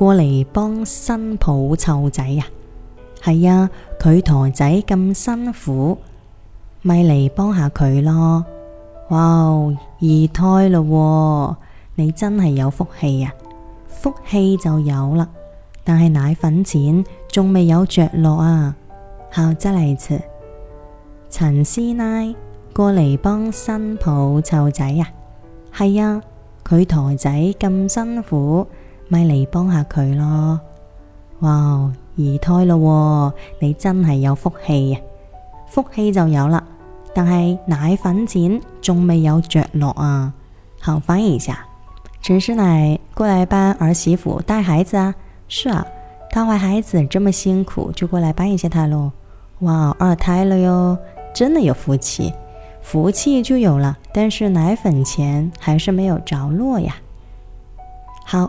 過嚟幫新抱湊仔啊！係啊，佢佗仔咁辛苦，咪嚟幫下佢咯！哇，二胎咯喎，你真係有福氣啊！福氣就有啦，但係奶粉錢仲未有着落啊！孝真嚟住，陳師奶過嚟幫新抱湊仔啊！係啊，佢佗仔咁辛苦。咪嚟幫下佢咯！哇，二胎咯喎，你真係有福氣呀、啊！福氣就有啦，但係奶粉錢仲未有着落啊！行，翻譯一下，陳師奶過來幫兒媳婦帶孩子啊？是啊，她懷孩子這麼辛苦，就過來幫一下她咯。哇，二胎了喲，真的有福氣，福氣就有了，但是奶粉錢還是沒有着落呀。好。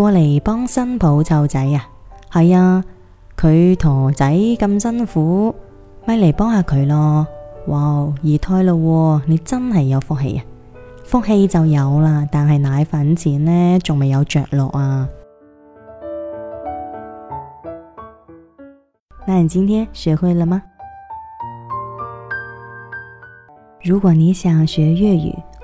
過嚟幫新抱湊仔啊！係啊，佢佗仔咁辛苦，咪嚟幫下佢咯。哇，二胎咯喎，你真係有福氣啊！福氣就有啦，但係奶粉錢呢，仲未有着落啊。那你今天學會了嗎？如果你想學粵語。